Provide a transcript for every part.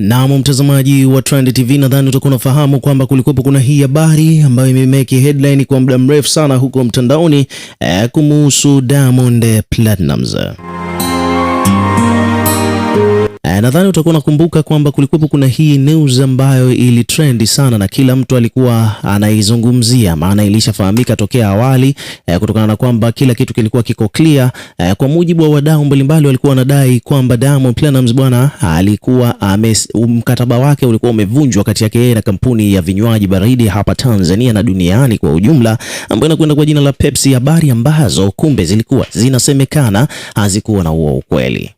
Naam, mtazamaji wa Trend TV, nadhani utakuwa unafahamu kwamba kulikuwepo kuna hii habari ambayo imemeki headline kwa muda mrefu sana huko mtandaoni eh, kumuhusu Diamond Platnumz. Eh, nadhani utakuwa unakumbuka kwamba kulikuwa kuna hii news ambayo trend sana na kila mtu alikuwa anaizungumzia, maana ilishafahamika tokea awali eh, kutokana na kwamba kila kitu kilikuwa kiko clear eh, kwa mujibu wa wadau mbalimbali walikuwa wanadai kwamba Diamond Platnumz bwana alikuwa ames, um, mkataba wake ulikuwa umevunjwa kati yake yeye na kampuni ya vinywaji baridi hapa Tanzania na duniani kwa ujumla ambayo inakwenda kwa jina la Pepsi, habari ambazo kumbe zilikuwa zinasemekana hazikuwa na huo ukweli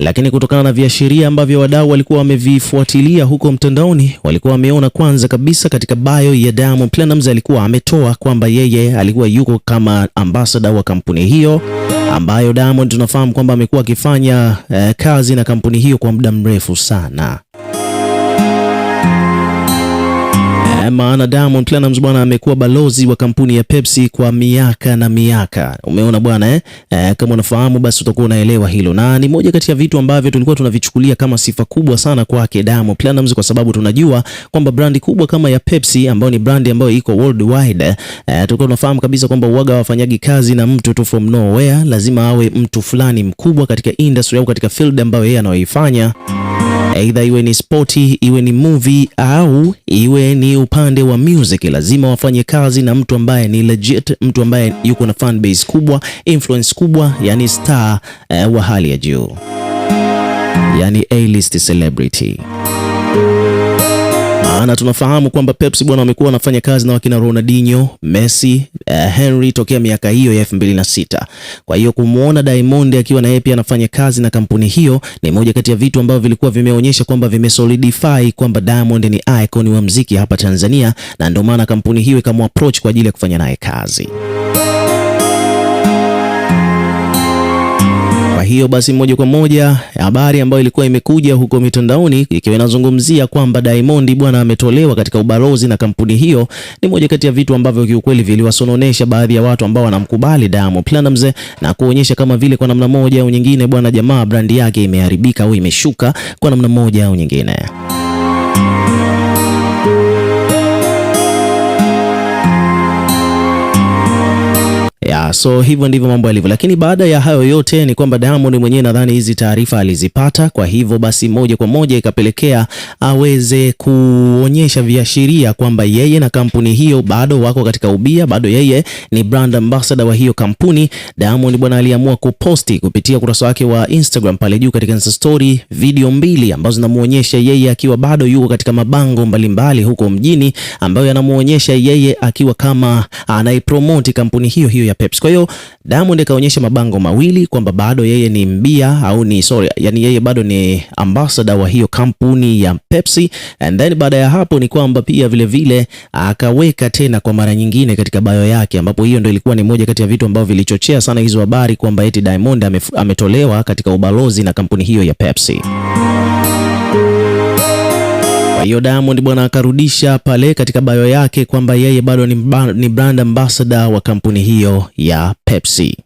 lakini kutokana na viashiria ambavyo wadau walikuwa wamevifuatilia huko mtandaoni, walikuwa wameona kwanza kabisa katika bio ya Diamond Platnumz alikuwa ametoa kwamba yeye alikuwa yuko kama ambassador wa kampuni hiyo ambayo Diamond tunafahamu kwamba amekuwa akifanya eh, kazi na kampuni hiyo kwa muda mrefu sana. maana Diamond Platinumz bwana amekuwa balozi wa kampuni ya Pepsi kwa miaka na miaka. Umeona bwana eh? E, kama unafahamu basi utakuwa unaelewa hilo, na ni moja kati ya vitu ambavyo tulikuwa tunavichukulia kama sifa kubwa sana kwake Diamond Platinumz, kwa sababu tunajua kwamba brandi kubwa kama ya Pepsi ambayo ni brandi ambayo iko worldwide eh, tulikuwa tunafahamu kabisa kwamba uwaga wafanyagi kazi na mtu tu from nowhere, lazima awe mtu fulani mkubwa katika industry au katika field ambayo yeye anaoifanya anayoifanya aidha iwe ni spoti, iwe ni movie au iwe ni upande wa music, lazima wafanye kazi na mtu ambaye ni legit, mtu ambaye yuko na fan base kubwa, influence kubwa, yani star eh, wa hali ya juu, yani A-list celebrity maana tunafahamu kwamba Pepsi bwana wamekuwa wanafanya kazi na wakina Ronaldinho, Messi, uh, Henry tokea miaka hiyo ya 2006. Kwa hiyo kumwona Diamond akiwa na yeye pia anafanya kazi na kampuni hiyo ni moja kati ya vitu ambavyo vilikuwa vimeonyesha kwamba vimesolidify kwamba Diamond ni icon wa mziki hapa Tanzania, na ndio maana kampuni hiyo ikamwa approach kwa ajili ya kufanya naye kazi. Kwa hiyo basi, moja kwa moja habari ambayo ilikuwa imekuja huko mitandaoni ikiwa inazungumzia kwamba Diamond bwana ametolewa katika ubalozi na kampuni hiyo, ni moja kati ya vitu ambavyo kiukweli viliwasononesha baadhi ya watu ambao wanamkubali Diamond Platinumz na kuonyesha kama vile kwa namna moja au nyingine, bwana jamaa brandi yake imeharibika au imeshuka kwa namna moja au nyingine. so hivyo ndivyo mambo yalivyo, lakini baada ya hayo yote ni kwamba Diamond mwenyewe nadhani hizi taarifa alizipata, kwa hivyo basi moja kwa moja ikapelekea aweze kuonyesha viashiria kwamba yeye na kampuni hiyo bado wako katika ubia, bado yeye ni brand ambassador wa hiyo kampuni. Diamond bwana aliamua kuposti kupitia ukurasa wake wa Instagram pale juu katika Insta story video mbili ambazo zinamuonyesha yeye akiwa bado yuko katika mabango mbalimbali mbali huko mjini ambayo yanamuonyesha yeye akiwa kama anaipromoti kampuni hiyo hiyo ya Pepsi. Chips. Kwa hiyo Diamond akaonyesha mabango mawili kwamba bado yeye ni mbia au ni sorry, yani yeye bado ni ambassador wa hiyo kampuni ya Pepsi, and then baada ya hapo ni kwamba pia vile vile akaweka tena kwa mara nyingine katika bio yake, ambapo hiyo ndio ilikuwa ni moja kati ya vitu ambavyo vilichochea sana hizo habari kwamba eti Diamond ametolewa katika ubalozi na kampuni hiyo ya Pepsi. Kwa hiyo Diamond bwana akarudisha pale katika bayo yake kwamba yeye bado ni, ni brand ambassador wa kampuni hiyo ya Pepsi.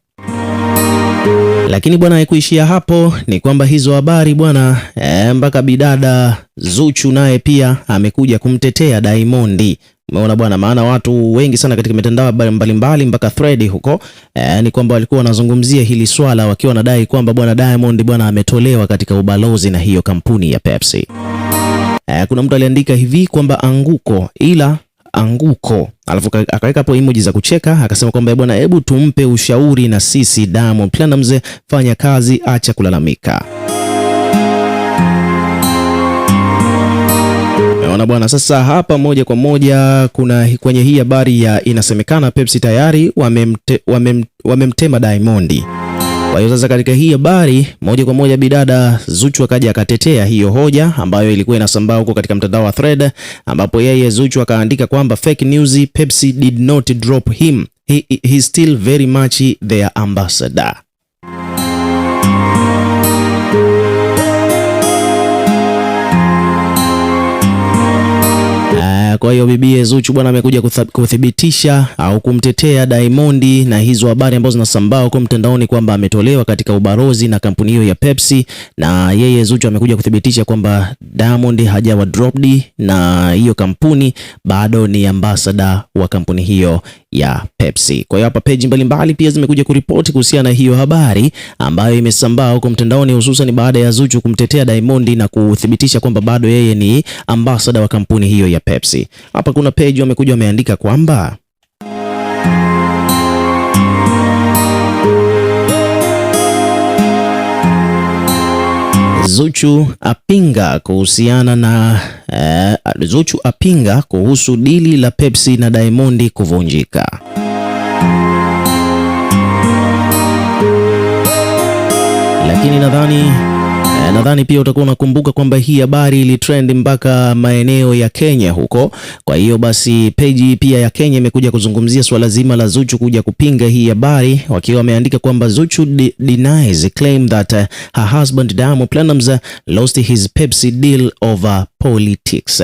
Lakini bwana haikuishia hapo, ni kwamba hizo habari bwana e, mpaka bidada Zuchu naye pia amekuja kumtetea Diamond. Umeona bwana, maana watu wengi sana katika mitandao mbalimbali mpaka thread huko e, ni kwamba walikuwa wanazungumzia hili swala wakiwa wanadai kwamba bwana Diamond bwana ametolewa katika ubalozi na hiyo kampuni ya Pepsi eh, kuna mtu aliandika hivi kwamba anguko ila anguko alafu akaweka hapo emoji za kucheka, akasema kwamba eh, bwana, hebu tumpe ushauri na sisi Diamond Platnumz, fanya kazi, acha kulalamika. meona bwana, sasa hapa moja kwa moja kuna kwenye hii habari ya inasemekana Pepsi tayari wamemte, wamem, wamemtema Diamondi. Kwa hiyo sasa, katika hii habari moja kwa moja, bidada Zuchu akaja akatetea hiyo hoja ambayo ilikuwa inasambaa huko katika mtandao wa Thread, ambapo yeye Zuchu akaandika kwamba fake news, Pepsi did not drop him, he is still very much their ambassador. Kwa hiyo bibie Zuchu bwana amekuja kuthibitisha au kumtetea Diamond na hizo habari ambazo zinasambaa huko mtandaoni kwamba ametolewa katika ubarozi na kampuni hiyo ya Pepsi, na yeye Zuchu amekuja kuthibitisha kwamba Diamond hajawa dropped na hiyo kampuni, bado ni ambassador wa kampuni hiyo ya Pepsi. Kwa hiyo hapa peji mbalimbali pia zimekuja kuripoti kuhusiana na hiyo habari ambayo imesambaa huko mtandaoni, hususan baada ya Zuchu kumtetea Diamond na kuthibitisha kwamba bado yeye ni ambasada wa kampuni hiyo ya Pepsi. Hapa kuna peji wamekuja wameandika kwamba Zuchu apinga kuhusiana na eh, Zuchu apinga kuhusu dili la Pepsi na Diamond kuvunjika. Lakini nadhani Eh, nadhani pia utakuwa unakumbuka kwamba hii habari ilitrend mpaka maeneo ya Kenya huko. Kwa hiyo basi, peji pia ya Kenya imekuja kuzungumzia swala zima la Zuchu kuja kupinga hii habari, wakiwa wameandika kwamba Zuchu de denies claim that eh, her husband Diamond Platnumz lost his Pepsi deal over politics.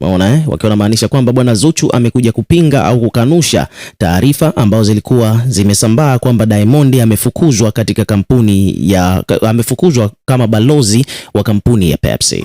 Umeona eh? Wakiwa wanamaanisha kwamba bwana Zuchu amekuja kupinga au kukanusha taarifa ambazo zilikuwa zimesambaa kwamba Diamond amefukuzwa katika kampuni ya amefukuzwa kama balozi wa kampuni ya Pepsi.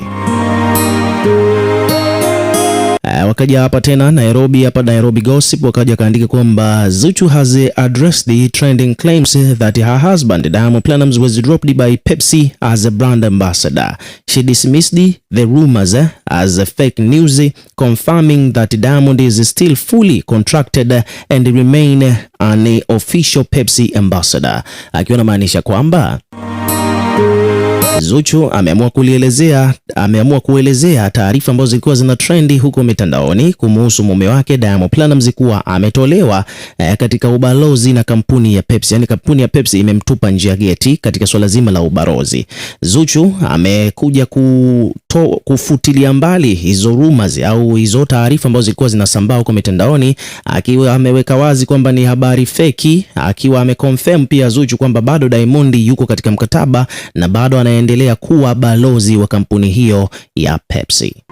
Uh, wakaja hapa tena Nairobi, hapa Nairobi Gossip wakaja kaandika kwamba Zuchu has eh, addressed the trending claims eh, that her husband Diamond Platnumz was dropped by Pepsi as a brand ambassador. She dismissed the rumors as a fake news, confirming that Diamond is still fully contracted and remain an official Pepsi ambassador, akiwa maanisha kwamba Zuchu ameamua kulielezea ameamua kuelezea taarifa ambazo zilikuwa zina trendi huko mitandaoni kumuhusu mume wake Diamond Platnumz kuwa ametolewa eh, katika ubalozi na kampuni ya Pepsi. Yani kampuni ya Pepsi imemtupa nje ya geti katika swala zima la ubalozi. Zuchu amekuja ku kuto, kufutilia mbali hizo rumors au hizo taarifa ambazo zilikuwa zinasambaa huko mitandaoni, akiwa ameweka wazi kwamba ni habari feki, akiwa ameconfirm pia Zuchu kwamba bado Diamond yuko katika mkataba na bado anaendelea kuwa balozi wa kampuni hiyo ya Pepsi.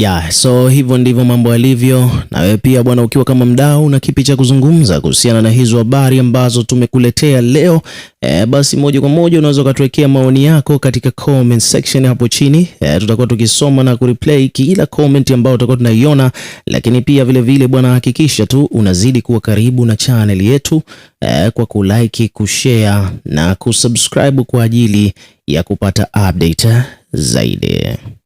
Yeah, so hivyo ndivyo mambo yalivyo. Na wewe pia bwana, ukiwa kama mdau na kipi cha kuzungumza kuhusiana na hizo habari ambazo tumekuletea leo e, basi moja kwa moja unaweza ukatuwekea maoni yako katika comment section hapo chini e, tutakuwa tukisoma na kureplay kila comment ambayo utakuwa tunaiona, lakini pia vile vile bwana, hakikisha tu unazidi kuwa karibu na channel yetu e, kwa kulike, kushare na kusubscribe kwa ajili ya kupata update zaidi.